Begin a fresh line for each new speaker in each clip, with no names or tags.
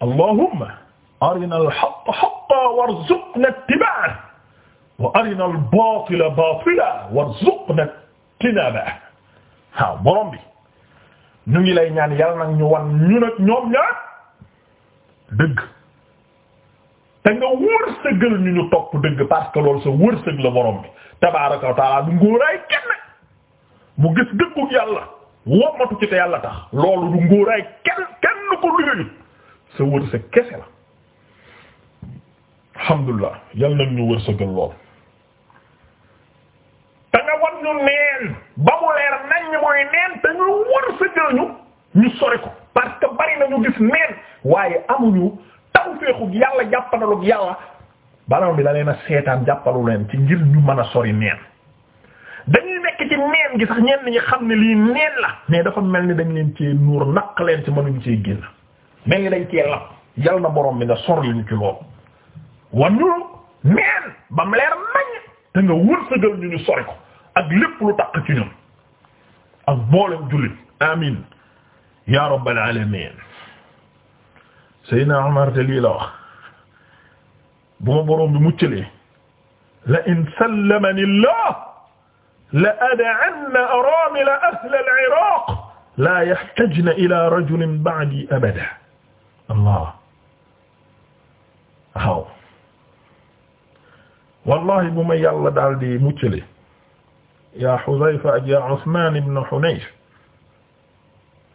allahumma arina al-haqqa haqqan warzuqna ittiba'ahu wa arina al-batila batilan warzuqna ijtinabahu waaw borom bi ñu ngi lay ñaan yàlla nag ñu wan ñu nag ñoom ñaar dëgg te nga wërsëgal ñu ñu topp dëgg parce que loolu sa wërsëg la borom bi tabaaraka wa taala du ngóoraay kenn mu gis dëggug yàlla womatu ci te yàlla tax loolu du ngóoraay kenn kenn ko liggéeyut sa wërsëg kese la alhamdulillah yal nañ ñu wërsëgal lool te nga wan ñu neen ba mu leer nañ ñu mooy neen te ñu wërsëgal ñu ñu sori ko parce que bari nañu gis neen waaye amuñu tawfeexu yàlla jàppandalug yàlla balaam bi da leen a seetaan jàppalu leen ci ngir ñu mën a sori neen dañuy nekk ci neen gi sax ñenn ñi xam ne lii neen la mais dafa mel ni dañ leen ci nuur naq leen ci mënuñ cee génn mel ni dañ cee lap yal na borom bi nga sorli ñu ci loolu wan ñu meen bam leer nañ te nga wërsëgal ñu ñu sori ko ak lépp lu takk ci ñun ak mboolem jullit amin ya rabbal alamin Seydina Umar te lii la wax bu ma borom bi muccalee la in sallamani Allah la ad'anna aramila ahla al-Iraq la yahtajna ila rajulin ba'di abada allah waaw wallahi bu ma yàlla daal di muccale yaa Hudayfa ak yaa Usmaan ibn Hunayf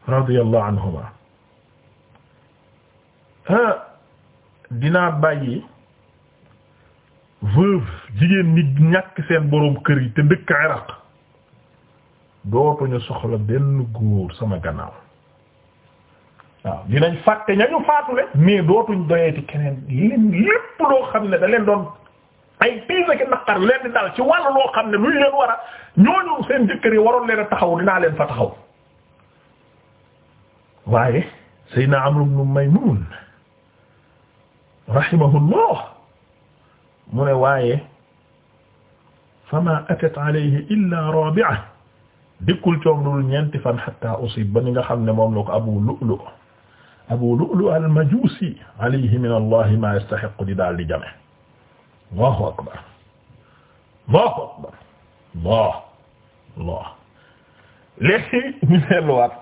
radiyallahu anhuma dinaa bàyyi veuve jigéen ñi ñàkk seen boroom kër yi te dëkk Iraq dootuñu soxla benn góor sama gannaaw waaw dinañ fàtte ñañu faatule mais dootuñ doyeeti keneen leen lépp loo xam ne da leen doon ay piisa ki naqar leen di dal ci wàllu loo xam ne luñ leen war a ñooñu seen jëkkër yi waroon leen a taxaw dinaa leen fa taxaw waaye Seydina Amr ibn Maymun rahimahullah mu ne waaye fama atat alayhi illa rabi'a dikkul coom lul ñeenti fan hatta usib ba ni nga xam ne moom la ko Abu Lu'lu' Abu Lu'lu' al-Majusi alayhi min Allah ma yastahiqu di daal di jame Allahu akbar Allahu akbar Allah Allah léegi ñu delluwaat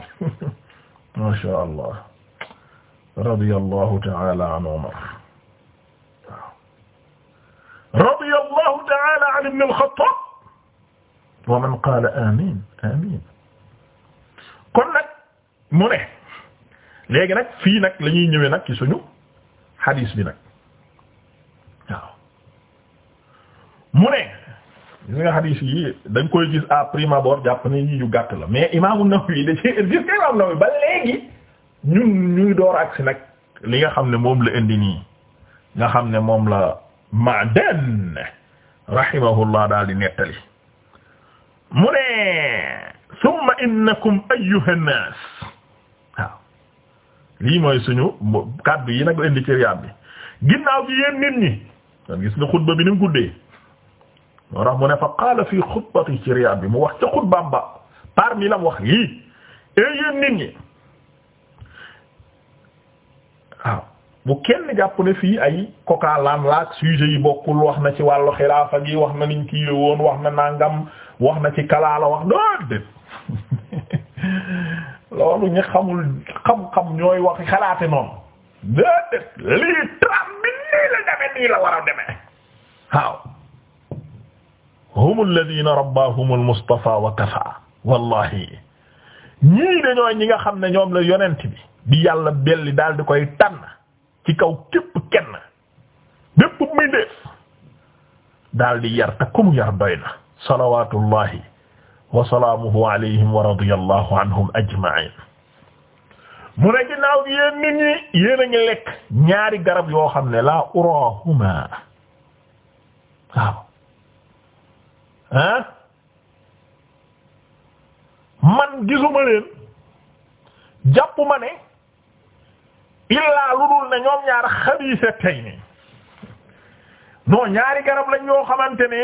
ma sha Allah radiyallahu ta'ala an Umar radiyallahu ta'ala an ibn al-Khattab wa man qala amin amin kon nag mu ne léegi nag fii nag lañuy ñuy ñëwee nag ci suñu xadiis bi nag waaw mu ne gis nga xadiis yi dañ koy gis à prime abord jàpp yi yu gàtt la mais imaamu Nawawi da ci gis léegi ñun ñuy door agsi nag li nga xam ne moom la indi nii nga xam ne moom la Ma'dan rahimahullah daal di nettali mu ne summa innakum ayyuhan nas lii mooy suñu kàddu yi nag la ci riyaat bi ginnaaw bi yéen nit ñi kon gis nga xutba bi ni mu guddee moo tax mu ne fa qaala fii xutbati ci riyaat bi mu wax ca xutbaam ba parmi lam wax lii et eh, yéen nit ñi waaw bu kenn jàpp ne fii ay kokaalaan laak sujet yi bokkul wax na ci wàllu xilaafa gi wax na niñ kii woon wax na nangam wax na ci kalaala wax na déet loolu ñu xamul xam-xam ñooy wax xalaate noonu déedéet lii tram la deme nii la war a demee waaw hum alladina rabbahum almustafa wa kafa wallahi ñii dañooy ñi nga xam ne ñoom la yonent bi di yàlla belli daal di koy tànn ci kaw képp kenn bépp muy def daal di yar te yar doy na salawatullahi wa salaamuhu alayhim wa radiyallahu mu ne ginnaaw gi yéen a ngi lekk ñaari garab yoo xam ne laa urahuma waaw ah man gisuma leen jàpp ma ne illaa lu dul ne ñoom ñaar xabiisa tey ni ñaari garab lañ yoo xamante ne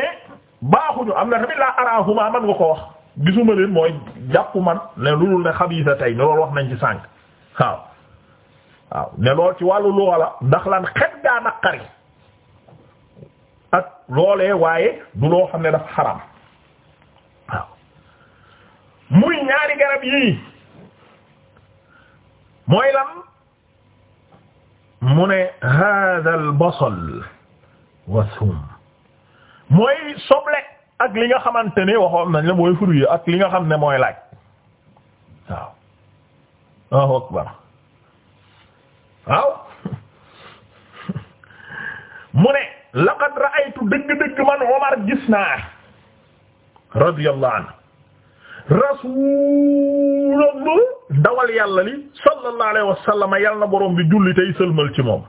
baaxuñu am na tamit laa arahuma man nga ko wax gisuma leen mooy jàpp man ne loolu ne xabiisa tey ne loolu wax nañ ci sànq waaw waaw ne lool ci wàllu luxa la ndax lan xet gaa naqari ak loolee waaye du loo xam ne dafa xaram waaw muy ñaari garab yii mooy lan mu ne hada al basal wa mooy soble ak li nga xamante ni waxoon nañ la mooy fruit ak li nga xam ne mooy laaj waaw waaw akbar waaw mu ne laqad ra'aytu dëgg-dëgg man Umar gis naa radiyallahu anhu rasulullah dawal yàlla li sallallahu alayhi wa sallam yàlla na borom bi julli tey sëlmal ci moom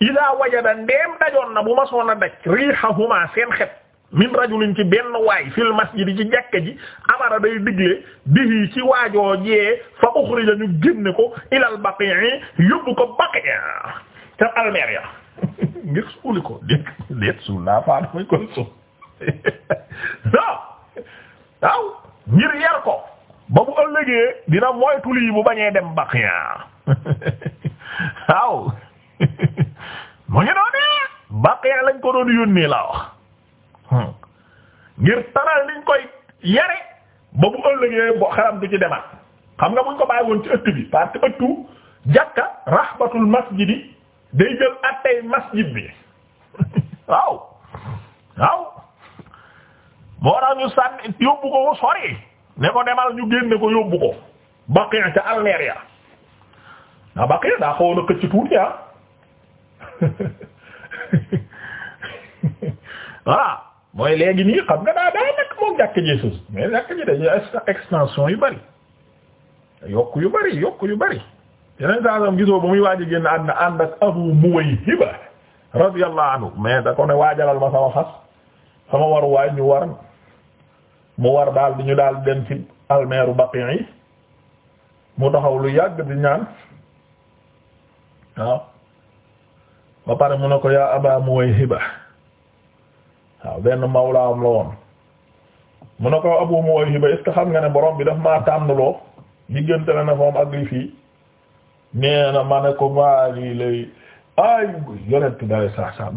ida wajada ndeem dajoon na bu ma soon daj riihahuma seen xet min rajulin ci benn waay fil masjid ci jàkka ji amara day digle bihi ci waajoo jee fa uxrija ñu génne ko ilal baqi'i yóbbu ko baqi'a te almeer ya ngir suuli ko déet déet suul naa faa damay koy suul ngir yar ko ba bu ëllëgee dina moytu lii bu bañee dem baqi'a waaw mu ngi doonee baqi'a lañ ko doon yónnee laa wax Hmm. ngir taral niñ koy yare ba bu ëllëgee bo xaram du ci demaat xam nga buñ ko bàyyi woon ci ëtt bi parce que ëttu jàkka rahbatul masjidi day jël attey masjid bi waaw waaw moo tax ñu sànni yóbbu ko sori ne ko demal ñu génne ko yóbbu ko Baqiya ca Almeria ndax Baqiya daa xawoon a këcc tuuti ah voilà mooy léegi nii xam nga daa daa nekk moom jàkk ji suuf mais jàkk ji dañuy extension yu bari yokk yu bari yokk yu bari yeneen saa sam gisoo ba muy waaj a génn ànd ànd ak Abu Muwayhiba waajalal ma war waay ñu war mu war daal di ñu daal dem ci almeeru Baqi mu taxaw lu yàgg di ñaan waaw pare mu ne ko yaa Aba Muwayhiba waaw benn mawlaam la woon mu ne ko Abu Muwayhiba est-ce xam nga ne boroom bi daf maa tànnloo diggante la ne moom ak yi fii nee na ma ne ko maa ngi lay ay yonent bi alay saa saam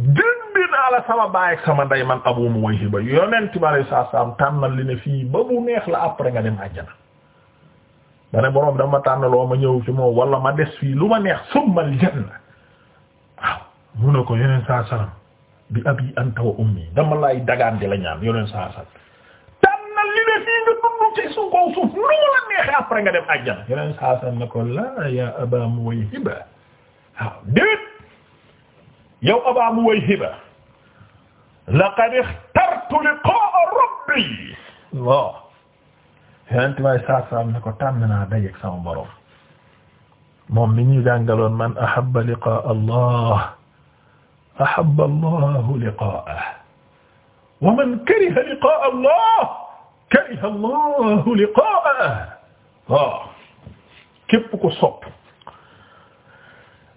naa la sama baay ak sama ndey man Abu Muwayhiba yonent bi alay saa tànnal li ne fii ba bu neex la après nga dem àjjana ma ne borom ma tànnaloo ma ñëw fi moom wala ma des fii lu ma neex summal janna waaw mu ne ko yonent saa saam bi abi anta wa ummi dama lay dagaan di la ñaan yoneen saa sax tànnal li ne fii nga dund ci suuf kaw suuf lu mu la neexee après nga dem àjjana yoneen saa sax ne ko laa yaa Abaa Muwayhiba waaw déet yow Abaa Muwayhiba laqad ixtartu liqaa'a rabbi waaw yonent may saa sax ne ko tànn naa dajeek sama borom moom mi ñuy jàngaloon man ahabba liqaa'a Allah ahabba allahu liqaa'ahu wa man kariha liqaa'a allah kariha allahu liqaa'ahu waaw képp ku sopp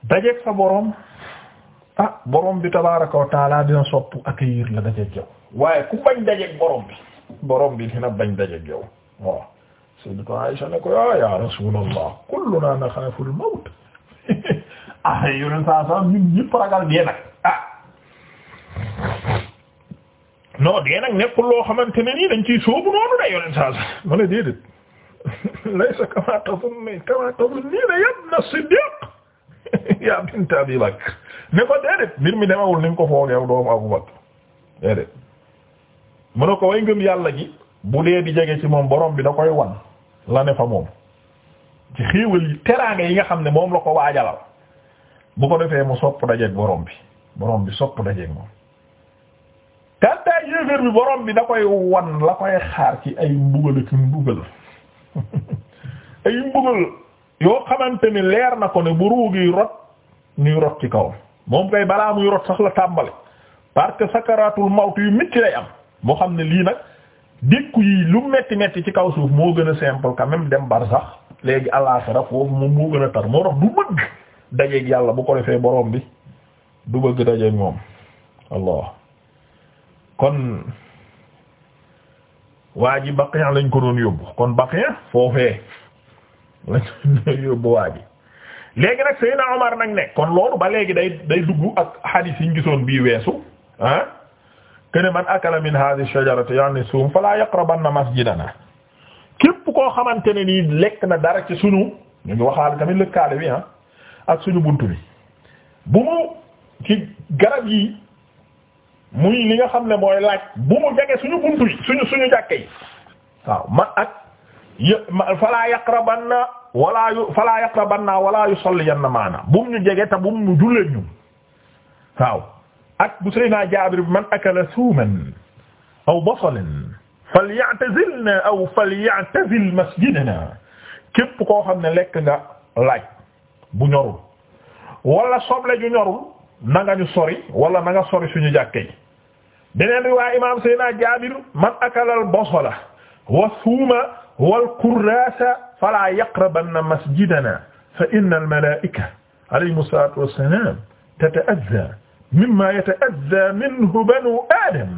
dajeeg sa boroom ah boroom bi tabaaraka wa taala dina sopp accueillir la dajeeg yow waaye ku bañ dajeeg boroom bi boroom bi dina bañ dajeeg yow waaw sayyidatu Aisha ne ko ya rasuulallah kullunaa naxaafu al-mawt ah yoneen saa saa ñun ñëpp ragal dee nag non dee nag nekkul loo xamante ne nii dañ ciy sóobu noonu day yoneen saa saa ma ne déedéet laysa kama tazunni kama tazunni ya ibna Siddiq ya bint Abi Bakr ne ko déedéet mbir mi demawul ni nga ko foogeew doomu Abu Bakr déedéet mu ko way ngëm yàlla ji bu dee di jege ci moom borom bi da koy wan la ne fa moom ci xéewal yi teraanga yi nga xam ne moom la ko waajalal bu ko defee mu sopp dajeek borom bi borom bi sopp dajeek moom kantaa yéeféer bi boroom bi da koy wan la koy xaar ci ay mbugal ak mbugal ay mbugal yoo xamante ni leer na ko ne bu ruugi rot ñuy rot ci kaw moom kay balaa muy rot sax la tàmbale parce que sakaratul yu metti lay am moo xam ne lii nag dékku yi lu metti metti ci kaw suuf moo gën a simple quand dem bar sax léegi àllaaxira foofu moom moo gën a tar moo tax du bëgg dajeeg yàlla bu ko defee boroom bi du bëgg dajeeg moom allah kon waa ji Baqiya lañ ko doon yóbbu kon Baqiya foofee lañ yóbbu waa ji léegi nag Seydina Omar nag ne kon loolu ba léegi day day dugg ak hadith yi ñu gisoon bii weesu ah kene man akala min hadhihi shajarati yani suum fala yaqrabanna masjidana képp koo xamante ne nii lekk na dara ci sunu ñu ngi waxaal tamit lëkkaale bi ah ak suñu bunt bi bu mu ci garab yi mu li nga xam ne mooy laaj bu mu jege suñu buntu yi suñu suñu jàkke yi waaw ma ak yë falaa yaqrabanna wala yu falaa yaqrabanna wala yusalliyanna maana bu mu ñu jege te bu mu ñu jullee ñu waaw ak bu Seydina Jaabir bi man akala suuman aw basalan falyatazilna aw falyatazil masjidana képp koo xam ne lekk nga laaj bu ñorul wala soble ju ñorul na nga ñu sori wala na nga sori suñu jàkke yi beneen riwaay imaam Seydina Jaabir man akala al-basala wa suuma wal kurraasa falaa yaqrabanna masjidanaa fa inna al-malaa'ika alayhimu salaatu wa salaam tata'azzaa mimmaa yata'azzaa minhu banuu aadam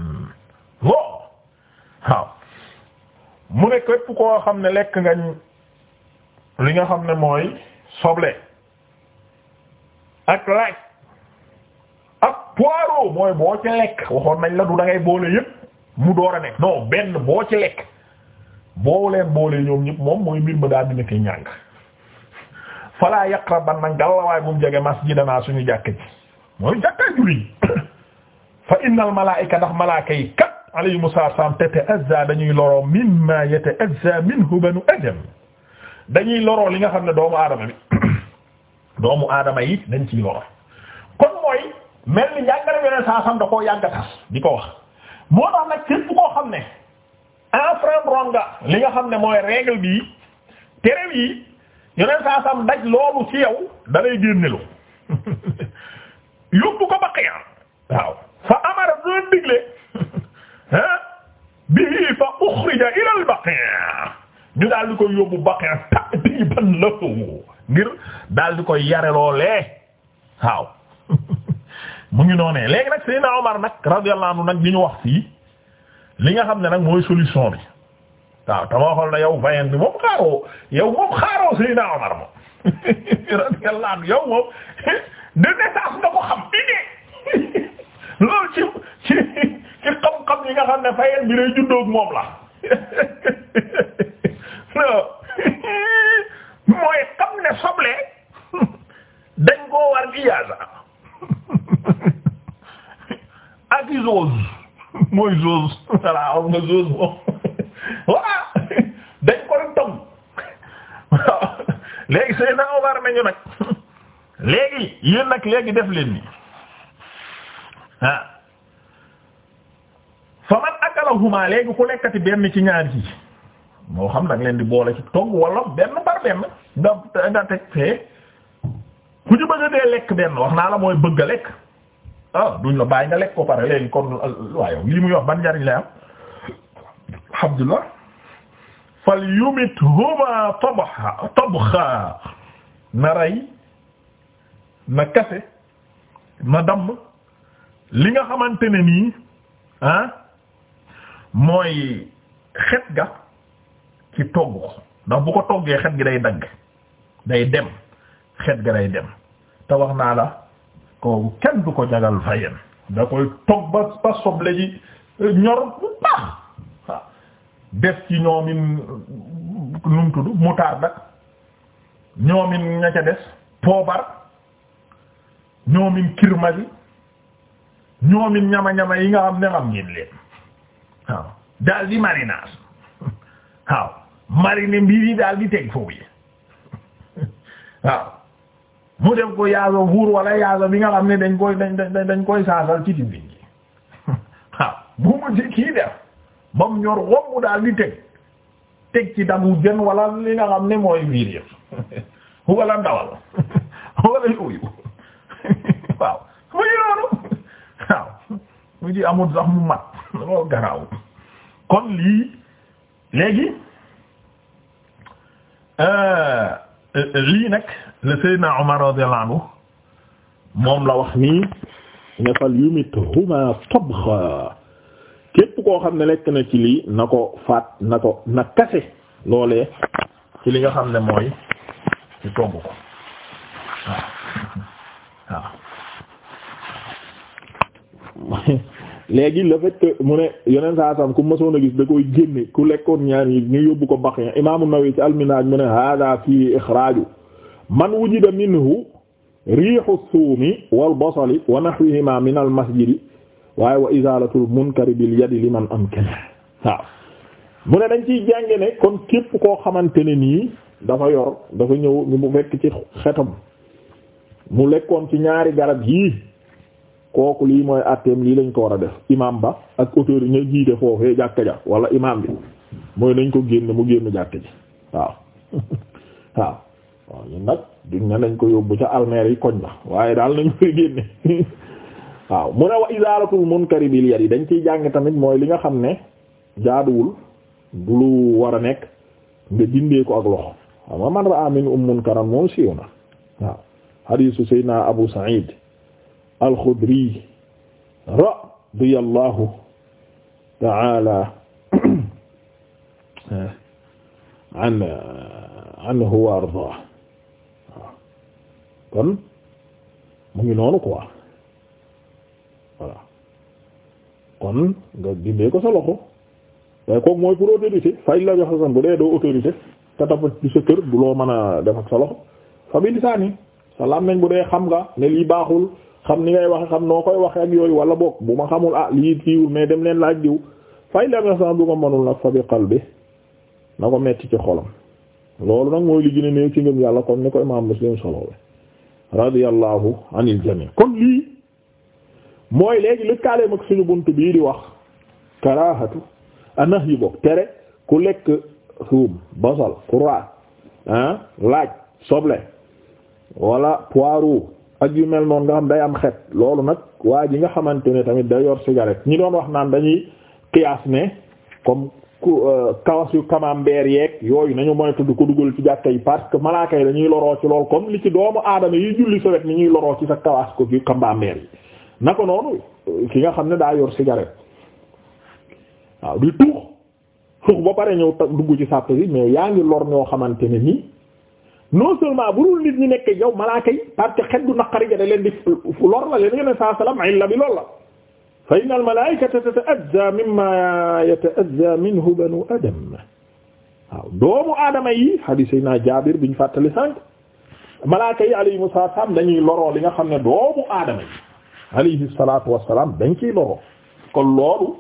waaw mu ne képp koo xam ne lekk nga li nga xam ne mooy soble ak laaj poireau mooy boo ci lekk waxoon nañ la du da ngay boole yépp mu door a nekk non benn boo ci lekk boo leen boole ñoom ñépp moom mooy mbir ma daal dina fi ñàng falaa yaqrabanna ngalawaay bu mu jege masjidanaa suñu jàkk ji mooy jàkkaay julli fa innal malaa'ika ndax malaaka yi kat alayhimu salaam tata'azza dañuy loro mimma yata'azza minhu banu adam dañuy loroo li nga xam ne doomu aadama bi doomu aadama yi dañ ciy loroo mel ni njàngale beneen saa xam da koo yàgga di ko wax moo tax nag képp koo xam ne enfreindre nga li nga xam ne mooy règle bii terew yi yeneen saa sam daj loolu ci yow da lay génnelu yóbbu ko ba qiyaam waaw fa amara doon digle ah bihi fa ukhrija ila al baqiya daal di koy yóbbu baqiya ta'diban lahu ngir daal di koy yare loolee waaw mu ngi noonee léegi nag Seydina Omar nag radiyallahu anhu nag li ñu wax fii li nga xam ne nag mooy solution bi waaw te ma waxoon na yow vaillant bi moom xaaroo yow moom xaaroo Seydina Omar moom radiyallahu anhu yow moom de naissance nga ko xam idée loolu ci ci ci xam-xam yi nga xam ne vaillant bi day juddoo moom la mooy xam ne soble dañ koo war iyaaza ak i zose mooy zose voilà xam nga zose moom voilà dañ ko doon togg léegi say na Omar nañu nag léegi yéen nag léegi def leen ni ah fa man akalahuma léegi ku lekkati benn ci ñaar yi moo xam nag leen di boole ci togg wala benn par benn nga nga teg fee ku ci bëgg dee lekk benn wax naa la mooy bëgg lekk ah duñ la bàyyi nga lekk ko pare léegi kon waaye li muy wax ban njariñ lay am alhamdulillah fal yumit huma tabxa tabxa na rey na kase na damm li nga xamante ne nii ah, mooy xet ga ci togg ko ndax bu ko toggee xet gi day dagg day dem xet ga day dem te wax naa la kooku kenn du ko jagal fayen da koy togg ba soble ji euh, ñor bu baax waaw ci ñoomin euh, num tudd moutarde ak ñoomin ña ca des poobar ñoomin kirmasi ñoomin ñama-ñama yi nga xam ne xam ngeen leen waaw daal di marinage waaw mariner mbir yi daal di teg foofu yi waaw mu dem ko yaaso buur wala yaaso bi nga xam ne dañ koy dañ dañ koy saasal ci tibbin ji waaw bu mu ci kii def ba mu ñor womb daal di teg teg ci damu jën wala li nga xam ne mooy biir yëpp wala ndawal wala yooyu waaw mu ñu noonu waaw amul sax mu mat loolu garaaw kon lii léegi euh, euh, lii nag le Seydina Omar radiyallahu anhu moom la wax nii ne fal yumit huma tabxa képp koo xam ne lekk na ci lii na ko faat na ko na kase loole ci li nga xam ne mooy ci togg ko léegi le fait mu ne yeneen saa sam ku mësoon a gis da koy génne ku lekkoon ñaar yi ñu yóbbu ko bax ya Imaamu Nawawi ci al mu ne hada fii ixraaju man wujida minhu riixu suumi wal basali wa nahwihima min al masjidi waaye wa izalatul munkari bil yadi liman amkana waaw mu ne dañ ci jànge ne kon képp koo xamante ne nii dafa yor dafa ñëw ñu mu fekk ci xetam mu lekkoon ci ñaari garab yii kooku lii mooy atteem lii lañ ko war a def imam ba ak auteur yi ñu jiite foofee jàkka ja wala imam bi mooy nañ ko génn mu génn jàkka ji waaw waaw waaw ñun nag duñ ne nañ ko yóbbu ca almeer yi koñ ba waaye daal nañ koy génne waaw mu ne wa izalatul munkari bil yadi dañ ciy jàng tamit mooy li nga xam ne jaaduwul du lu war nekk nga dindee ko ak loxo xam nga man ra'a minkum munkaran moom siiw na waaw hadiisu sayyidina abu sa'id al-khudri radiyallahu ta'ala an anhu wa ardaah kon mu ngi noonu quoi voilà kon nga dindee ko sa loxo waaye kooku mooy pour autorité fay la jox san bu dee doo autorité te dafa sa kër du loo mën a def ak sa loxo fa bi lisaani sa làmmiñ bu dee xam nga ne lii baaxul xam ni ngay waxe xam noo koy waxe ak yooyu wala bokk bu ma xamul ah lii tiiwul mais dem leen laaj diw fay la jox san bu ko mënul nag fa bi na ko metti ci xolam loolu nag mooy li gën a néew ci ngëm yàlla comme ni ko imam Muslim radiyallahu anil jamii kon lii mooy léegi lëkkaaleem ak suñu bunt bii di wax karaahatu anax yi bokk tere ku lekk suum basal kuraat ah laaj soble wala poireau ak yu mel noonu nga xam day am xet loolu nag waa ji nga xamante ne tamit day yor cigarette ñi doon wax naan dañuy qiyaas ne comme ku euh, kawas yu camembert yeek yooyu nañu moytu di ko duggul ci jàkka yi parce que malaaka yi dañuy loroo ci lool comme li ci doomu aadama yi julli sawet ni ñuy loroo ci sa kawas ko yu camembert yi naka noonu ki nga xam ne daa yor cigarette waaw di tuux tuux ba pare ñëw dugg ci sàpp yi mais yaa ngi lor ñoo xamante ne nii non seulement bu dul nit ñi nekk yow malaaka yi parce que xet du naqari ja da leen di lor la leen yeneen saa salaam illa bi lool la fa inna al-malaa'ikata tata'azzaa mimmaa yata'azzaa minhu banuu aadam waaw doomu aadama yi hadiis yi naa Jaabir biñ fàttali sànq malaaka yi alayhimu salaam dañuy loroo li nga xam ne doomu aadama yi alayhi salaatu wa salaam dañ ciy loroo kon loolu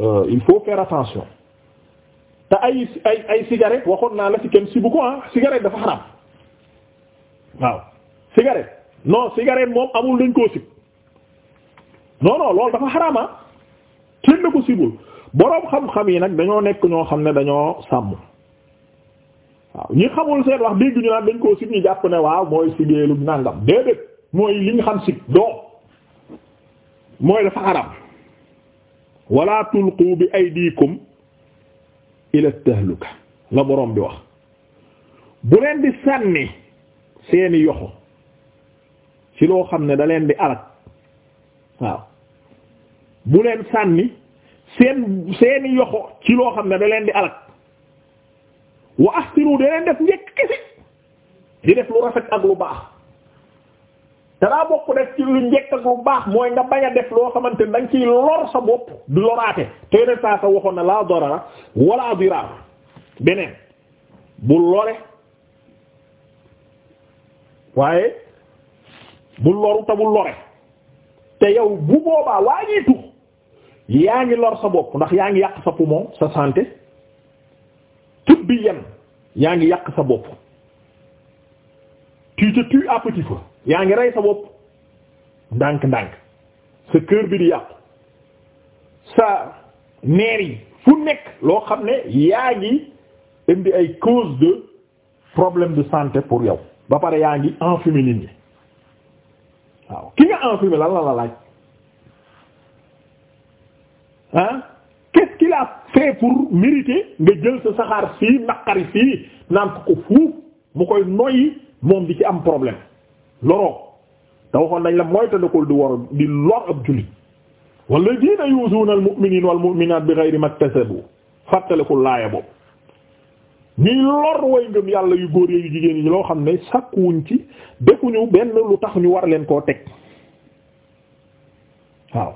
euh, il faut faire attention te ay ay ay cigarette waxoon naa la ci kenn si bu ko ah cigarette dafa xaram waaw cigarette non cigarette moom amul luñ koo sib non non loolu dafa xaraama ah. kenn ko sibul boroom xam-xam yi nag dañoo nekk ñoo xam ne dañoo sàmm waaw ñi xamul seen wax dégg ñu naan dañ koo sib ñu jàpp ne waaw mooy sibeelu nàngam déedéet mooy li xam sib doo mooy dafa xaram wala tulqu bi aydikum ila tahluka la boroom bi wax bu leen di sànni seeni yoxo ci loo xam ne da leen di alak waaw bu leen sànni seen seeni yoxo ci loo xam ne da leen di alak wa ahsinu da leen def njëkk kisi di def lu rafet ak lu baax te daa bokk def ci lu njëkk ak lu baax mooy nga bañ a def loo xamante ne da nga ciy lor sa bopp loraate te waxoon na laa darara wala diraar beneen waaye bu loru te yow bu boobaa waa ñuy tux yaa ngi lor sa bopp ndax yaa ngi yàq sa poumon sa santé tub bi yen yaa ngi yàq sa bopp tu te tues à petit yaa ngi rey sa bopp ndànk-ndànk sa cœur bi di yàqu sa neer yi fu nekk loo xam ne yaa ngi indi ay cause de problème de santé pour yow ba pare yaa ngi enfumer nit ñi waaw ki nga enfumer lan la laaj ah quest fait pour mériter nga jël sa saxaar fii naqari fii naan ko ko fuuf mu koy noyyi moom di ci am problème loroo te waxoon nañ la moytandikul di war di lor ab jullit walladina yuzuuna al mu'miniina wal mu'minaat bi ghayri maktasabu fàttalikul laaya boobu ñuy lor way ngëm yàlla yu góor yu jigéen yi loo xam ne wuñ ci defuñu benn lu tax ñu war leen koo teg waaw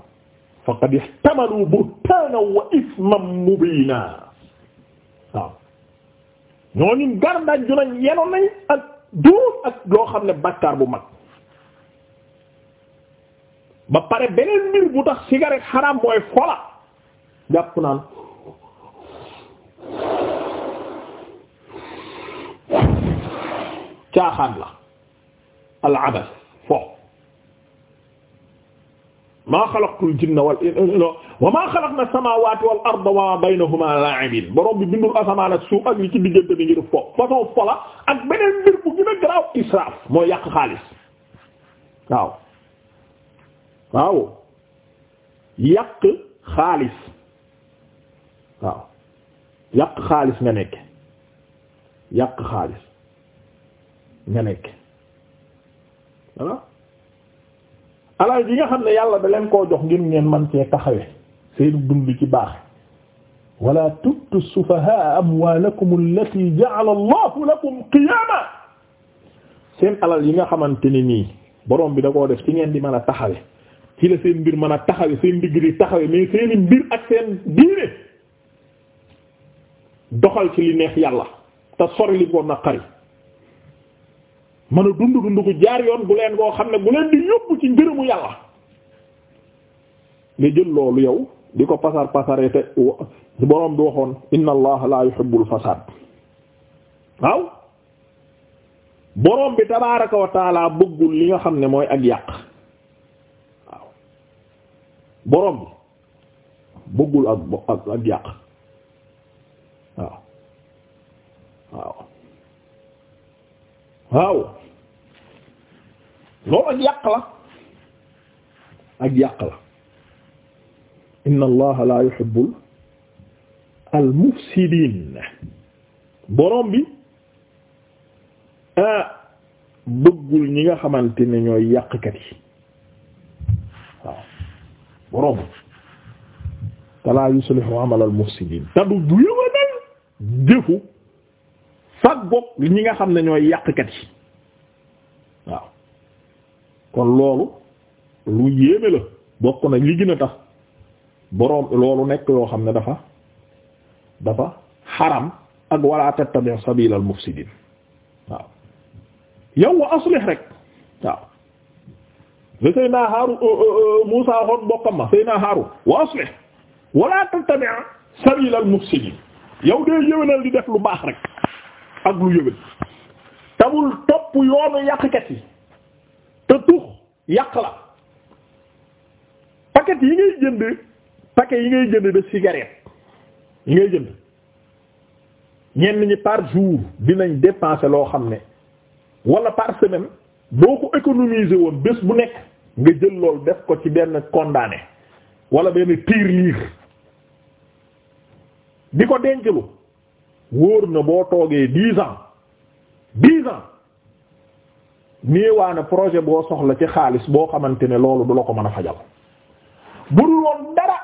faqad ihtamalu buhtaanan wa isman mubiina waaw ñooñu gardaaj ju nañ yenoon nañ ak duur ak loo xam ne bàkkaar bu mag ba pare beneen mbir bu tax cigarette xaraam mooy fola jàpp naan caaxaan la al abas maa xalaqtul jinna wal insa eh, wa maa xalaqna samaawaati wal arda wa maa baynahumaa laa'ibiin borom bi bindul asamaan ak suuf ak li ci diggante bi ngir fo façon fola ak beneen mbir bu gën a garaaw israaf mooy yàq xaalis waaw waaw yàq xaalis waaw yàq xaalis nga nekk yàq xaalis nga nekk voilà alal yi nga xam ne yàlla da leen koo jox ngir ngeen man cee taxawe seen dund ci baax wala tubtu sufaha amwalakum allati ja'ala allahu lakum qiyama alal yi nga xamante ne nii borom bi da koo def ci ngeen di mën a taxawe ci la seen mbir mën a taxawe seen ndigg di taxawe mais seeni mbir ak seen diine doxal ci li neex yàlla te sori li ko naqari mën a dund dund ko jaar yoon bu leen koo xam ne bu leen di yóbbu ci ngërëmu yàlla nga jël loolu yow di ko pasar pasaree te boroom bi waxoon inna allah la yuhibbul fasad waaw bi tabaaraka wa li nga xam ne mooy ak yàq waaw boroom bi bëggul ak ak ak yàq waaw waaw waaw loolu ak yàq la ak yàq la inna allaha la yuhibbul al mufsidin borom bi ah bëggul ñi nga xamante ne ñooy yàqkat yi waaw borom te la yuslihu amal al mufsidin te du du yëwanal defu fag boog ñi nga xam ne ñooy yàqkat yi waaw kon loolu lu yéeme la bokk na li gën a tax boroom loolu nekk yoo xam ne dafa dafa xaram ak wala tattabi' sabilal mufsidin waaw yow wa aslih rek waaw le Seydina Haaru euh, euh, euh, Muusaa xoon bokkam ma Seydina Haaru wa aslih wala tattabi' sabilal mufsidin yow dee yéwénal di def lu baax rek ak lu yëwén tabul topp yoonu yàqkat yi te tux yàq la paquet yi ngay jënd paquet yi ngay jënd de cigarette yi ngay jënd ñenn ñi par jour dinañ dépenser loo xam ne wala par semaine boo ko économisé woon bés bu nekk nga jël lool def ko ci benn condamné wala benn tirelire di ko denclu wóor na boo toogee dix ans dix ans néewaana projet boo soxla ci xaalis boo xamante ne loolu du la ko mën a fajal bu dul woon dara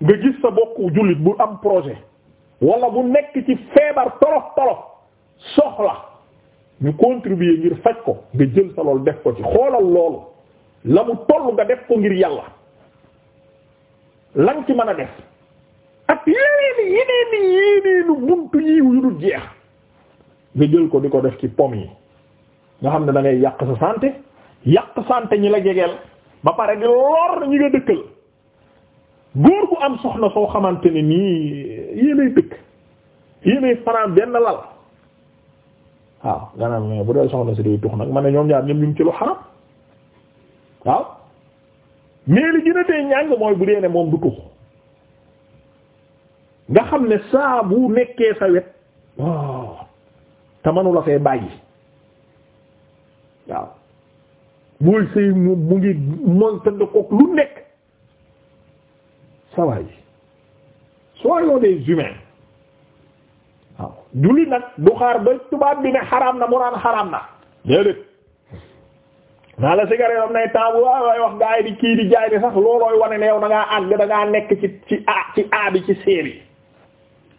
nga gis sa bokku jullit bu am projet wala bu nekk ci feebar tolof tolof soxla ñu contribuer ngir faj ko nga jël sa lool def ko ci xoolal loolu la mu toll nga def ko ngir yàlla lan ci mën a def ak yeneen yeneen yeneenu buntu yiw yu dul jeex nga jël ko di ko def ci pom yi nga xam ne da yàq sa santé yàq santé ñi la jegeel ba pare di lor ñi nga dëkkal góor bu am soxna soo xamante ne nii yéenay dëkk yéenay fanaan benn lal waaw nga naan bu dee soxna si day tux nag man ñoom ñaar ñoom ñu ngi ci lu xaram waaw mais li gën a tee ñàng mooy bu dee ne moom du tux nga xam ne saa bu nekkee sa wet te manu fee bàyyi waaw booy sëy mu mu ngi monte de kook lu nekk sa waay soyons des waaw julli nag du xaar ba tubaab bi ne xaraam na mu naan xaraam na déedéet naa la cigarette am nay temps bu waaw wax gaa yi di kii di jaay di sax loolooy wane ne yow da àgg da nekk ci ci ci a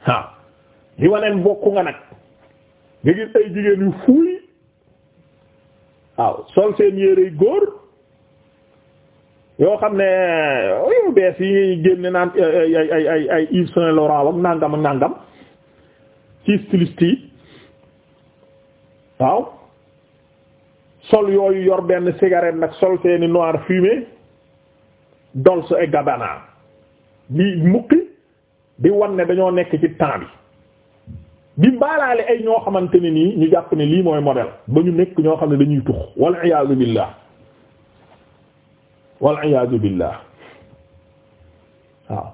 waaw di waneen bokku nga nag nga gis ay jigéen yu fuuy waaw sol seen yérey góor yoo xam ne yu bees yi génne naan ay ay ay ay Yves Saint Laurent ak nàngam ak nàngam ci styliste yi waaw sol yooyu yor benn cigarette nag sol seeni noir fumé Dolce et Gabbana di mukki di wan ne dañoo nekk ci temps bi di mbaalaale ay ñoo xamante ni nii ñu jàpp ne lii mooy modèle ba ñu nekk ñoo xam ne dañuy tux wal iyaazu billah wal iyaazu billah waaw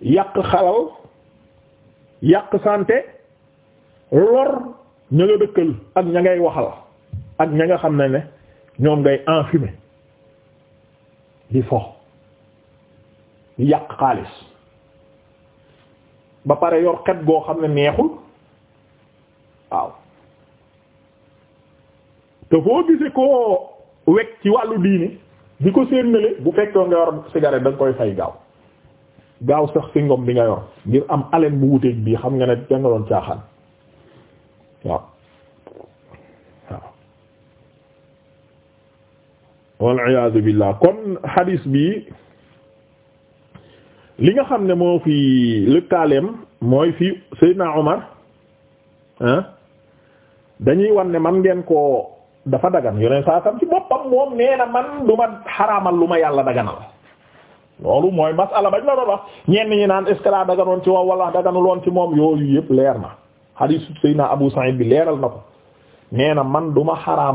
yàq xalal yàq santé lor ña nga dëkkal ak ña ngay waxal ak ña nga xam ne ne ñoom ngay enfumer di fo di yàq xaalis ba pare yor xet goo xam ne neexul waaw te foo koo wekk ci wàllu diini bi ko séenale bu fekkoo nga yor cigarette da koy fay gaaw gaaw sax ci ngom bi nga yor ngir am haleine bu wuteeg bii xam nga ne da nga doon caaxaan waaw waaw wal iyaadu billaah kon hadis bi li nga xam ne moo fi lëkkaaleem mooy fi Seydina Omar ah dañuy wan ne man ngeen ko dafa dagan yoneen saa sam ci boppam moom nee na man du ma xaraamal lu ma yàlla daganal loolu mooy masala bañ la doon wax ñi naan est-ce daganoon ci moom wala daganul ci moom yooyu yëpp leer na hadith Seydina Abu Sa'id bi leeral na ko nee na man du ma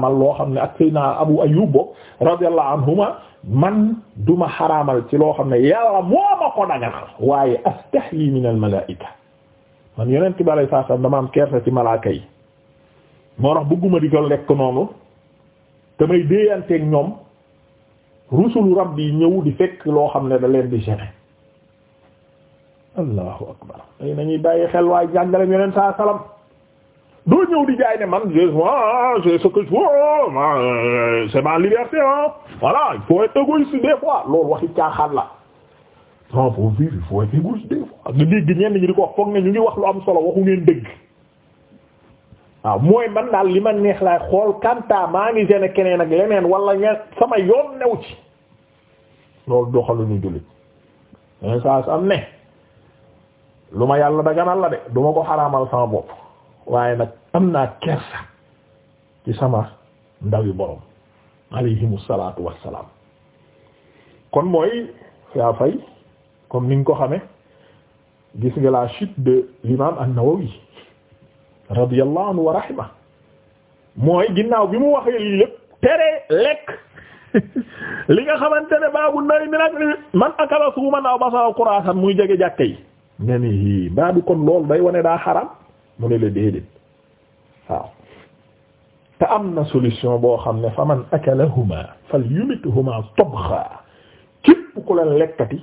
loo xam ne ak Seydina Abu Ayyub bo radiyallahu anhuma man duma ma xaraamal ci loo xam ne yàlla moo ma ko daganal waaye astahyi min al malaa'ika man yonent bi alayhi salaam dama am kersa ci malaaka yi moo tax bëgguma di ko lekk noonu te may déeyanteeg ñoom rusulu rabbi yi ñëw di fekk loo xam ne da leen di gêner allahu akbar ay nañuy bàyyi xel waaye jàngale yonent salaam doo ñëw di jaay ne man je vois c'est ce que je vois euh, c'est ma liberté ah voilà il faut être égoïste des fois loolu waxi caaxaan la non faut vivre il faut être égoïste des fois nga ñenn ñi di ko wax foog ñu ngi wax lu am solo waxu ngeen dëgg waaw mooy man daal li man neex laay xool kanta maa ngi gene keneen ak leneen wala ña sama yoon new ci loolu doxaluñu jullit mais saa am ne lu ma yàlla daganal la de du ma ko xaraamal sama bopp waaye nag am naa kersa ci sama ndawi borom alayhimu salaatu wassalaam kon mooy yaa fay comme ni nga ko xame gis nga la chute de l'imam an-Nawawi radiyallahu anhu wa rahima mooy ginnaaw bi mu waxee lii lépp tere lekk li nga xamante ne baabu nawi mi nag man akala suuman aw basara kuraasan muy jege jàkke yi nga baa bi kon loolu day wane daa xaram mu ne la déedéet waaw te am na solution boo xam ne fa man akalahuma fal yumituhuma tobxa képp ku la lekkati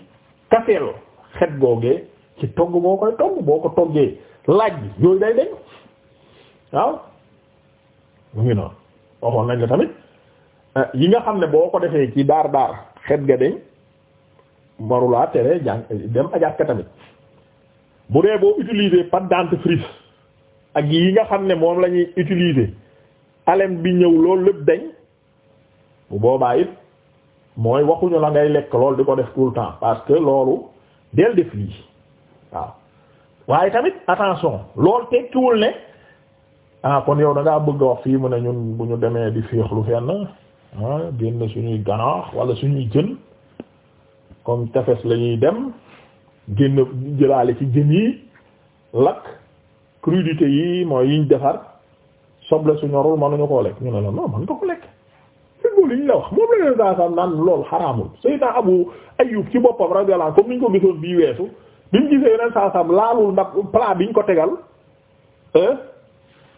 kafeel xet googee ci togg boo koy togg boo ko toggee laaj bi yooyu day deñ waaw mu ngi noonu waxoon nañ la tamit euh, yi nga xam ne boo ko defee ci daar daar xet ga deñ marulaa tere jàng dem ajàkka tamit bu dee boo utiliser pâte dentifrice ak yi nga xam ne moom lañuy ñuy utiliser alem bi ñëw loolu lépp dañ bu boobaay it mooy waxuñu la ngay lekk lool di ko def tout temps parce que loolu del def lii waaw waaye tamit attention loolu tekkiwul ne ah kon yow da ngaa bëgg a wax fii mu ne ñun bu ñu demee di féexlu fenn ah génn suñuy ganaar wala suñuy jën comme tefes lañuy dem génn jëlaale ci jën yi lakk crudité yi mooy yiñ defar soble su ñorul mënuñu koo lekk ñu ne la non mën nga ko lekk fii liñ la wax moom la leen daa sax naan loolu xaraamul Seydina Abu Ayyub ci boppam radiyallahu anhu comme niñ ko gisoon bii weesu biñ gisee yeneen saa saam laalul ndax plat biñ ko tegal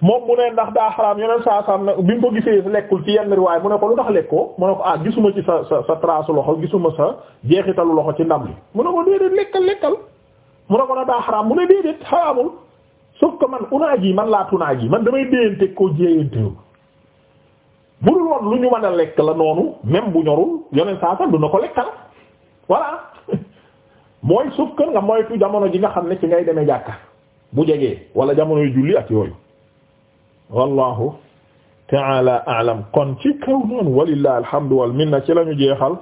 moom mu ne ndax daa xaraam yeneen saa saam ne biñ ko gisee lekkul ci yenn riwaay mu ne ko lu tax lekkoo mu ne ko ah gisuma ci sa sa sa trace loxo gisuma sa jeexitalu loxo ci ndam li mu ne ko déedéet lekkal lekkal mu ne ko na daa xaraam mu ne déedéet xaraamul sauf que man unaaji man laa yi man damay déyante koo jéyantewu bu dul woon lu ñu mën a lekk la noonu même bu ñorul yoneen saa sax du na ko lekkal voilà mooy sauf que nga moytu jamono ji nga xam ne ci ngay demee jàkka bu jegee wala jamonoy julli ak yooyu wallahu ta'ala a'lam kon ci kaw noonu walillahi alhamdu wal minna ci la ñu jeexal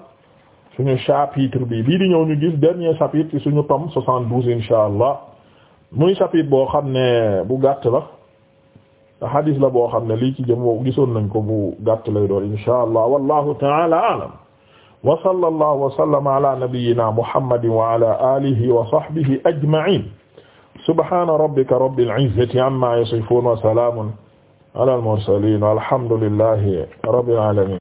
suñu chapitre bi bii di ñëw ñu gis dernier chapitre ci suñu tom soixante-douze insha allah muy chapitre boo xam ne bu gàtt la te hadis la boo xam ne lii ci jëm gisoon nañ ko bu gàtt lay doon insha allah wallahu taala alam wa sallallahu wa sallama ala nabiyyina muhammadin wa ala alihi wa sahbihi ajma'in subhana rabbika rabbil izzati amma yasifun wa salamun ala al mursalin walhamdulillahi rabbil alamin